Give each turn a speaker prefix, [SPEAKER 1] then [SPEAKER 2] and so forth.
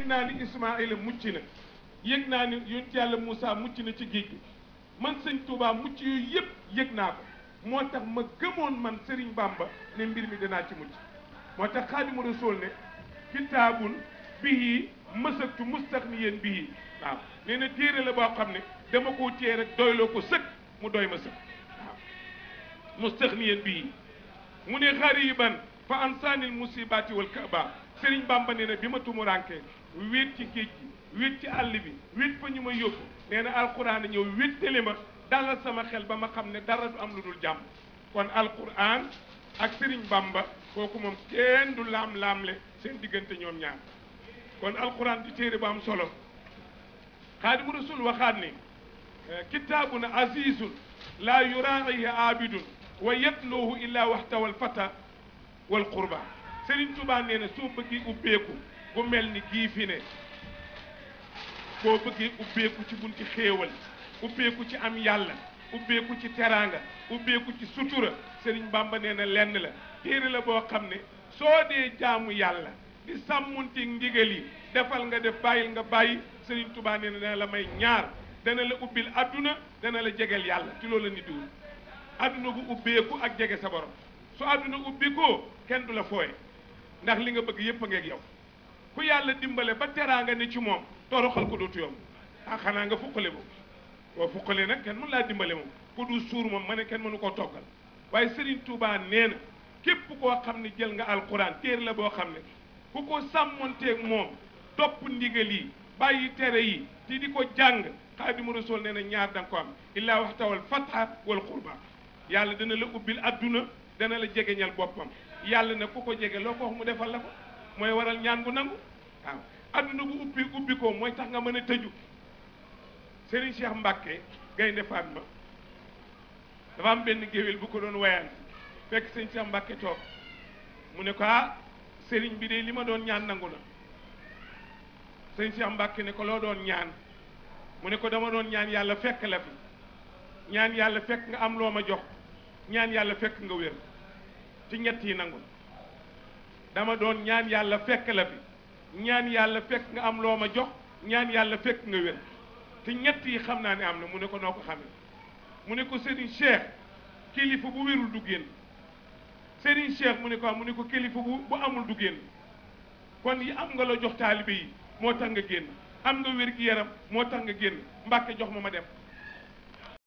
[SPEAKER 1] yëg naa ni Ismaayla mucc na yëg naa ni yonent yàlla Moussa mucc na ci géej man sëñ Touba mucc yooyu yëpp yëg naa ko moo tax ma gëmoon man Serigne Bamba ne mbir mi danaa ci mucc moo tax Xaadimu Rasuul ne kitaabun bihi masaktu mustaxniyan bihi waaw nee na téere la boo xam ne dama koo téye rek doyloo ko sëkk mu doy ma sëkk waaw mustaxniyan bihi mu ne xariban fa ansaanil musibaati wal kaaba Sëriñ Bamba nee bi ma tumurankee wéet ci géej gi ci àll bi wéet fa ñu ma yóbbu nee na alquran ñëw wéttali ma dalla sama xel ba ma xam ne dara du am lu dul jàmm kon alquran ak Sëriñ Bamba kooku moom kenn du laam-laamle seen diggante ñoom ñaar kon alquran di téere bu am solo xaadimu rasul waxaat ni eh, kitaabun azizun laa yuraaxihi aabidun wa yatluuhu illaa waxtawal fata wal qurba Serigne Touba nee na soo bëggee ubbeeku bu mel ni gii fi soo bëggee ubbeeku ci bunti xéewal ubbeeku ci am yàlla ubbeeku ci teraanga ubbeeku ci sutura Serigne Bamba nee na lenn la téere la boo xam ne soo dee jaamu yàlla di sàmmunti ndigal yi defal nga def bàyyil nga bàyyi Serigne Touba nee na dana la may ñaar dana la ubbil adduna dana la jegel yàlla ci loolu la nit diwul àdduna bu ubbeeku ak jege sa borom su àdduna ubbikoo kenn du la fooye ndax li nga bëgg yépp a ngeeg yow ku yàlla dimbale ba teraanga ne ci moom toroxal ko dootu yomb ah xanaa nga fuqale boobu boo fuqalee nag kenn mën laa dimbale moom ku du suur moom ma ne kenn mënu koo toggal waaye Serigne Touba nee na képp koo xam ne jël nga alquran téere la boo xam ne ku ko sàmmonteeg moom topp ndigal yi bàyyi tere yi te di ko jàng xaadimu rasul nee na ñaar da nga ko am illaa waxtawal fatha yàlla dina la ubbil dana la jegeñal boppam yàlla na ku ko jege loo ko mu defal la ko mooy waral ñaan bu nangu waaw adduna bu ubbi ubbi ko mooy tax nga mën a tëju Serigne Cheikh Mbacke Gaynde Fatma dafa am benn géwél bu ko doon wayaan fekk Serigne Cheikh Mbacke toog mu ne ko ah Serigne bi de li ma doon ñaan nangu na Serigne Cheikh Mbacke ne ko loo doon ñaan mu ne ko dama doon ñaan yàlla fekk la fi ñaan yàlla fekk nga am loo ma jox ñaan yàlla fekk nga wér ci ñett yi nangu dama doon ñaan yàlla fekk la fi ñaan yàlla fekk nga am loo ma jox ñaan yàlla fekk nga wér te ñetti xam naa ne am na mu ne ko noo ko xamee mu ne ko Serigne Cheikh kilifa bu wérul du génn Serigne Cheikh mu ne ko mu ne ko kilifa bu bu amul du génn kon yi am nga la jox taalibe yi moo tax nga génn am nga wér gi yaram moo tax nga génn Mbàkke jox ma ma dem